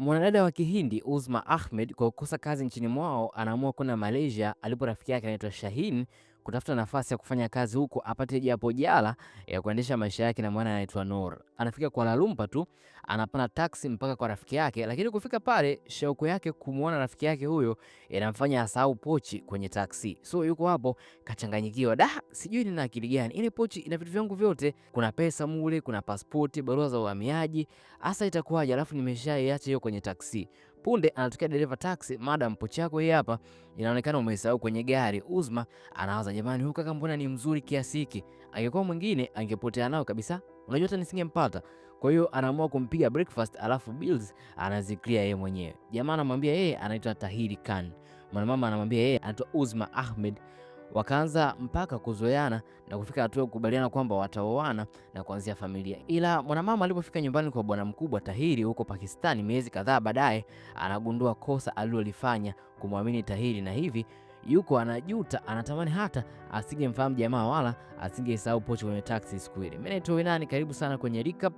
Mwanadada wa Kihindi Uzma Ahmed kwa kukosa kazi nchini mwao anaamua kwenda Malaysia alipo rafiki yake anaitwa shahin kutafuta nafasi ya kufanya kazi huko apate japo jala ya kuendesha maisha yake, na mwana anaitwa Nur. Anafika Kuala Lumpur tu anapanda taksi mpaka kwa rafiki yake, lakini kufika pale shauku yake kumuona rafiki yake huyo inamfanya asahau pochi kwenye taksi. So yuko hapo kachanganyikiwa, da, sijui nina akili gani, ile pochi ina vitu vyangu vyote, kuna pesa mule, kuna pasipoti, barua za uhamiaji, hasa itakuwaje? Alafu nimeshaiacha hiyo kwenye taksi. Punde anatokea dereva taksi, madam, pochi yako hii hapa inaonekana umesahau kwenye gari. Uzma anawaza jamani, huyu kaka mbona ni mzuri kiasi hiki? Angekuwa mwingine angepotea nao kabisa, unajua hata nisingempata. Kwa hiyo anaamua kumpiga breakfast, alafu bills anaziklia yeye mwenyewe. Jamaa anamwambia yeye anaitwa Tahiri Khan, mwanamama anamwambia yeye anaitwa Uzma Ahmed. Wakaanza mpaka kuzoeana na kufika hatua ya kukubaliana kwamba wataoana na kuanzia familia. Ila mwanamama alipofika nyumbani kwa bwana mkubwa Tahiri huko Pakistani miezi kadhaa baadaye, anagundua kosa alilolifanya kumwamini Tahiri, na hivi yuko anajuta, anatamani hata asingemfahamu jamaa wala asingesahau pochi kwenye taksi siku ile. Menetowinani, karibu sana kwenye recap.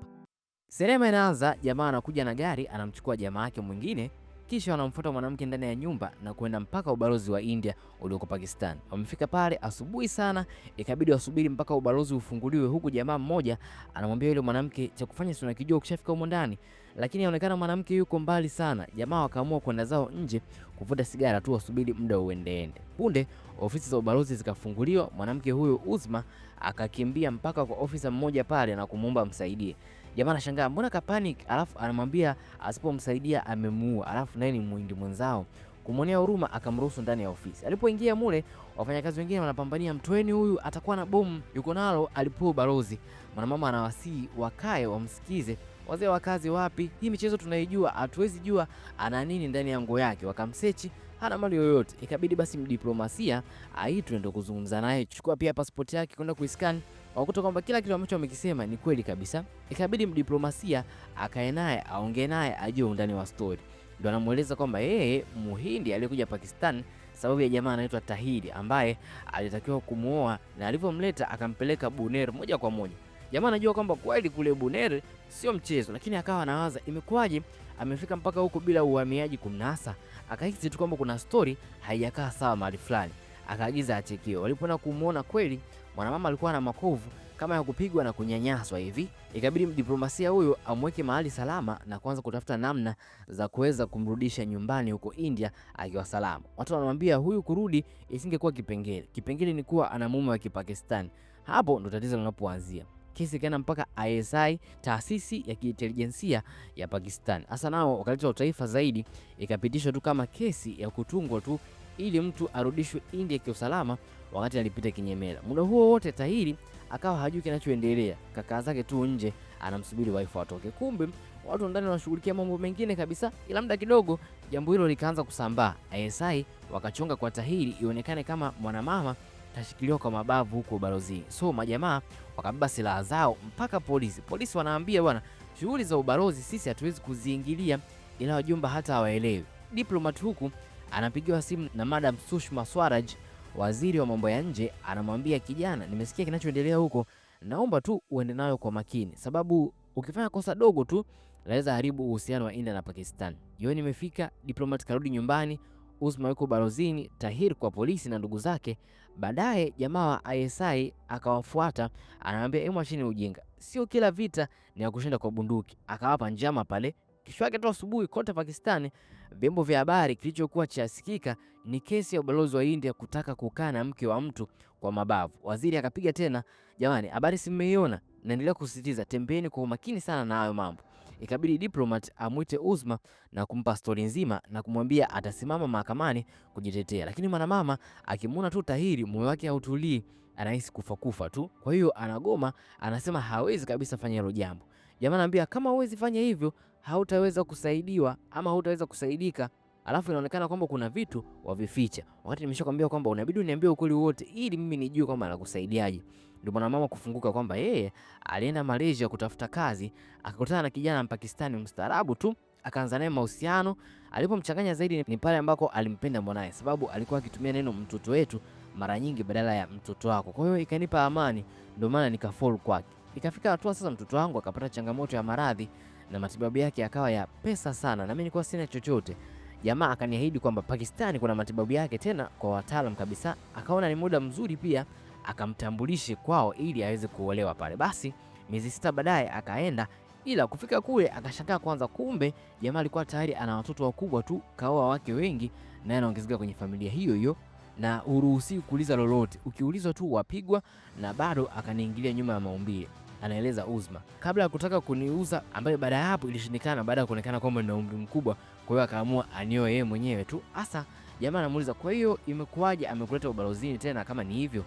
Sinema inaanza, jamaa anakuja na gari, anamchukua jamaa yake mwingine kisha wanamfuata mwanamke ndani ya nyumba na kwenda mpaka ubalozi wa India ulioko Pakistan. Wamefika pale asubuhi sana, ikabidi wasubiri mpaka ubalozi ufunguliwe, huku jamaa mmoja anamwambia yule mwanamke, cha kufanya si unakijua ukishafika humo ndani, lakini inaonekana mwanamke yuko mbali sana. Jamaa wakaamua kwenda zao nje kuvuta sigara tu, wasubiri muda uendeende. Punde ofisi za ubalozi zikafunguliwa, mwanamke huyo Uzma akakimbia mpaka kwa ofisa mmoja pale na kumuomba msaidie. Jamaa anashangaa mbona kapanic, alafu anamwambia asipomsaidia amemuua, alafu naye ni muhindi mwenzao kumwonea huruma akamruhusu ndani ya ofisi. Alipoingia mule, wafanyakazi wengine wanapambania, mtweni huyu atakuwa na bomu yuko nalo, alipua ubalozi. Mwanamama anawasihi wakae wamsikize, wazee wa kazi wapi, hii michezo tunaijua, hatuwezi jua ana nini ndani ya nguo yake. Wakamsechi, hana mali yoyote. Ikabidi basi mdiplomasia aitwe ndio kuzungumza naye, chukua pia pasipoti yake kwenda kuiskani wakuta kwamba kila kitu ambacho amekisema ni kweli kabisa. Ikabidi mdiplomasia akae naye aongee naye ajue undani wa stori, ndo anamweleza kwamba yeye muhindi aliyekuja Pakistan sababu ya jamaa anaitwa tahiri ambaye alitakiwa kumwoa na alivyomleta akampeleka Buner moja kwa moja. Jamaa anajua kwamba kweli kule Buner sio mchezo, lakini akawa anawaza imekuwaje amefika mpaka huko bila uhamiaji kumnasa. Akahisi tu kwamba kuna stori haijakaa sawa mahali fulani akaagiza atikio. Walipoenda kumwona kweli mwanamama alikuwa na makovu kama ya kupigwa na kunyanyaswa hivi, ikabidi diplomasia huyo amweke mahali salama na kuanza kutafuta namna za kuweza kumrudisha nyumbani huko India akiwa salama. Watu wanamwambia huyu kurudi isingekuwa kipengele, kipengele ni kuwa ana mume wa Kipakistani. Hapo ndo tatizo linapoanzia. Kesi ikaenda mpaka ISI, taasisi ya kiintelijensia ya Pakistan. Hasa nao wakaleta utaifa zaidi, ikapitishwa tu kama kesi ya kutungwa tu ili mtu arudishwe India kiusalama, wakati alipita kinyemela. Muda huo wote Tahiri akawa hajui kinachoendelea, kaka zake tu nje anamsubiri waifu atoke. Kumbe watu ndani wanashughulikia mambo mengine kabisa, ila muda kidogo jambo hilo likaanza kusambaa. ISI wakachonga kwa Tahiri ionekane kama mwanamama tashikiliwa kwa mabavu huko ubalozini. So majamaa wakabeba silaha zao mpaka polisi. Polisi wanaambia bwana, shughuli za ubalozi sisi hatuwezi kuziingilia, ila wajumba hata hawaelewi. Diplomat huku Anapigiwa simu na Madam Sushma Swaraj, waziri wa mambo ya nje, anamwambia kijana, nimesikia kinachoendelea huko, naomba tu uende nayo kwa makini, sababu ukifanya kosa dogo tu laweza haribu uhusiano wa India na Pakistan. Jioni imefika, diplomat karudi nyumbani, Usma yuko balozini, Tahir kwa polisi na ndugu zake. Baadaye jamaa wa ISI akawafuata, anamwambia hebu acheni ujinga, sio kila vita ni ya kushinda kwa bunduki. Akawapa njama pale Kesho yake tu asubuhi, kote Pakistani, vyombo vya habari, kilichokuwa chasikika ni kesi ya ubalozi wa India kutaka kukaa na mke wa mtu kwa mabavu. Waziri akapiga tena, jamani, habari si mmeiona? Naendelea kusisitiza tembeni kwa umakini sana na hayo mambo. Ikabidi diplomat amwite Uzma na kumpa stori nzima na kumwambia atasimama mahakamani kujitetea, lakini mwanamama akimwona tu Tahiri moyo wake hautulii, anahisi kufa kufa tu. Kwa hiyo anagoma, anasema hawezi kabisa fanya hilo jambo. Jamaa anaambia kama huwezi fanya hivyo hautaweza kusaidiwa ama hautaweza kusaidika, alafu inaonekana kwamba kuna vitu wavificha, wakati nimeshakwambia kwamba unabidi uniambie ukweli wote ili mimi nijue kwamba nakusaidiaje. Ndio maana mama kufunguka kwamba yeye alienda Malaysia kutafuta kazi, akakutana na kijana Mpakistani mstaarabu tu akaanza naye mahusiano. Alipomchanganya zaidi ni pale ambako alimpenda mwanaye, sababu alikuwa akitumia neno mtoto wetu mara nyingi badala ya mtoto wako. Kwa hiyo ikanipa amani, ndio maana nikafall kwake. Ikafika hatua sasa, mtoto wangu akapata changamoto ya maradhi na matibabu yake yakawa ya pesa sana, na mimi nilikuwa sina chochote. Jamaa akaniahidi kwamba Pakistani kuna matibabu yake tena kwa wataalam kabisa, akaona ni muda mzuri pia akamtambulishe kwao ili aweze kuolewa pale. Basi miezi sita baadaye akaenda, ila kufika kule akashangaa kwanza, kumbe jamaa alikuwa tayari ana watoto wakubwa tu, kaoa wake wengi, na anaongezeka kwenye familia hiyo hiyo na uruhusi kuuliza lolote, ukiulizwa tu wapigwa, na bado akaniingilia nyuma ya maumbile anaeleza Uzma kabla ya kutaka kuniuza, ambayo baada ya hapo ilishindikana baada ya kuonekana kwamba nina umri mkubwa. Kwa hiyo akaamua anioe yeye mwenyewe tu. Hasa jamaa anamuuliza, kwa hiyo imekuwaje amekuleta ubalozini tena kama ni hivyo?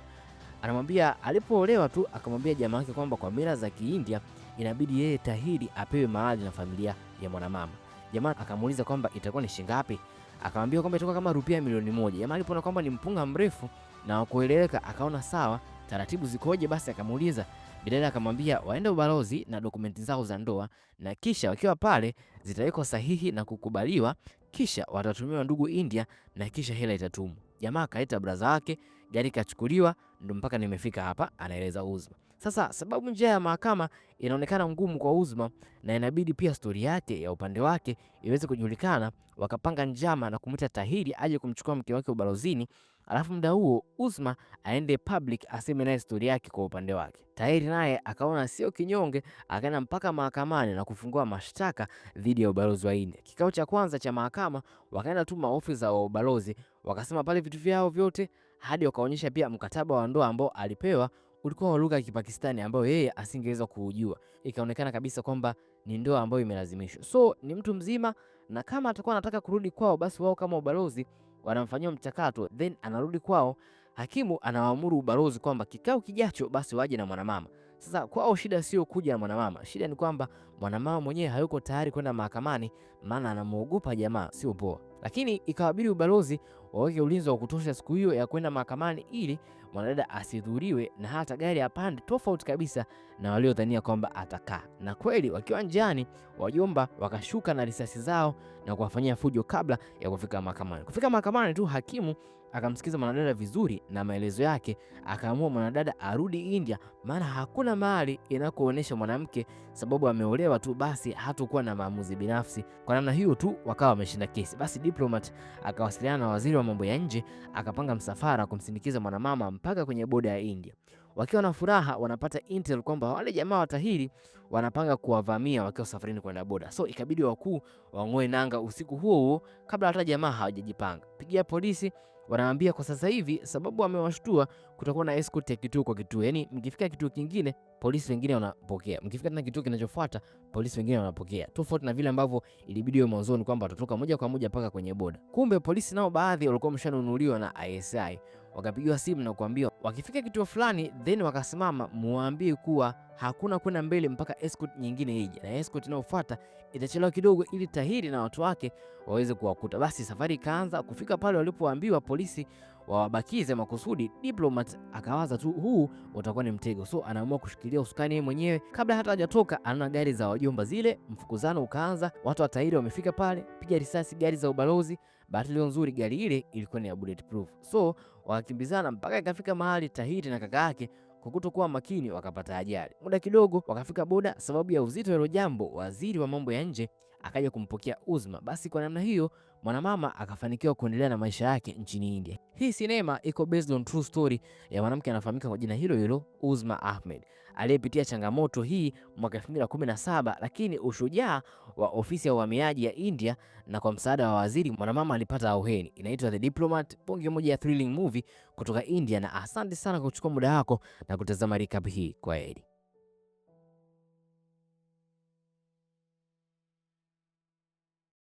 Anamwambia alipoolewa tu akamwambia jamaa yake kwamba kwa mila za Kiindia inabidi yeye tahiri apewe mahali na familia ya mwanamama. Jamaa akamuuliza kwamba itakuwa ni shilingi ngapi? Akamwambia kwamba itakuwa kama rupia milioni moja. Jamaa alipoona kwamba ni mpunga mrefu na wakueleweka, akaona sawa, taratibu zikoje? Basi akamuuliza Bidada, akamwambia waende ubalozi na dokumenti zao za ndoa, na kisha wakiwa pale zitawekwa sahihi na kukubaliwa, kisha watatumiwa ndugu India, na kisha hela itatumwa. Jamaa akaleta braza wake, gari kachukuliwa, ndo mpaka nimefika hapa, anaeleza Uzma. Sasa sababu njia ya mahakama inaonekana ngumu kwa Uzma na inabidi pia stori yake ya upande wake iweze kujulikana. Wakapanga njama na kumwita Tahiri aje kumchukua mke wake ubalozini alafu muda huo Usma aende public aseme naye stori yake kwa upande wake. tayari naye akaona sio kinyonge, akaenda mpaka mahakamani na kufungua mashtaka dhidi ya ubalozi wa India. Kikao cha kwanza cha mahakama wakaenda tu maofisa wa ubalozi, wakasema pale vitu vyao vyote, hadi wakaonyesha pia mkataba wa ndoa ambao alipewa ulikuwa wa lugha ya Kipakistani ambayo yeye asingeweza kujua. Ikaonekana kabisa kwamba ni ndoa ambayo imelazimishwa. So ni mtu mzima, na kama atakuwa anataka kurudi kwao, basi wao kama ubalozi wanamfanyia mchakato, then anarudi kwao. Hakimu anawaamuru ubalozi kwamba kikao kijacho basi waje na mwanamama. Sasa kwao shida sio kuja na mwanamama, shida ni kwamba mwanamama mwenyewe hayuko tayari kwenda mahakamani, maana anamwogopa jamaa, sio poa. Lakini ikawabidi ubalozi waweke ulinzi wa kutosha siku hiyo ya kwenda mahakamani, ili mwanadada asidhuriwe na hata gari apande, tofauti kabisa na waliodhania kwamba atakaa. Na kweli wakiwa njiani, wajomba wakashuka na risasi zao na kuwafanyia fujo kabla ya kufika mahakamani. Kufika mahakamani tu hakimu akamsikiza mwanadada vizuri na maelezo yake, akaamua mwanadada arudi India, maana hakuna mahali inakoonyesha mwanamke sababu ameolewa tu, basi hatakuwa na maamuzi binafsi. Kwa namna hiyo tu wakawa wameshinda kesi. Basi diplomat akawasiliana na waziri wa mambo ya nje, akapanga msafara kumsindikiza mwanamama mpaka kwenye boda ya India. Wakiwa na furaha wanapata intel kwamba wale jamaa watahiri wanapanga kuwavamia wakiwa safarini kwenda boda, so ikabidi wakuu wang'oe nanga usiku huo huo kabla hata jamaa hawajajipanga. Pigia polisi Wanaambia kwa sasa hivi sababu amewashtua kutakuwa na escort ya kituo kwa kituo, yani mkifika kituo kingine polisi wengine wanapokea, mkifika tena kituo kinachofuata polisi wengine wanapokea, tofauti na vile ambavyo ilibidi iwe mwanzoni kwamba watatoka moja kwa moja mpaka kwenye boda. Kumbe polisi nao baadhi walikuwa wameshanunuliwa na ISI wakapigiwa simu na kuambiwa wakifika kituo fulani, then wakasimama, muambie kuwa hakuna kwenda mbele mpaka escort nyingine ije, na escort inayofuata itachelewa kidogo, ili Tahiri na watu wake waweze kuwakuta. Basi safari ikaanza. Kufika pale walipoambiwa polisi wawabakize makusudi, Diplomat akawaza tu huu utakuwa ni mtego, so anaamua kushikilia usukani mwenyewe. Kabla hata hajatoka, anaona gari za wajomba zile. Mfukuzano ukaanza, watu wa Tahiri wamefika pale, piga risasi gari za ubalozi Bahati leo nzuri gari ile ilikuwa ni ya bulletproof, so wakakimbizana mpaka ikafika mahali Tahiti na kaka yake kwa kutokuwa makini wakapata ajali. Muda kidogo wakafika boda, sababu ya uzito wa jambo, waziri wa mambo ya nje akaja kumpokea Uzma. Basi kwa namna hiyo mwanamama akafanikiwa kuendelea na maisha yake nchini India. Hii sinema iko based on true story ya mwanamke anafahamika kwa jina hilo hilo Uzma Ahmed aliyepitia changamoto hii mwaka 2017, lakini ushujaa wa ofisi ya uhamiaji ya India na kwa msaada wa waziri mwanamama alipata auheni. Inaitwa The Diplomat, bonge moja ya thrilling movie kutoka India, na asante sana kwa kuchukua muda wako na kutazama recap hii. Kwaheri.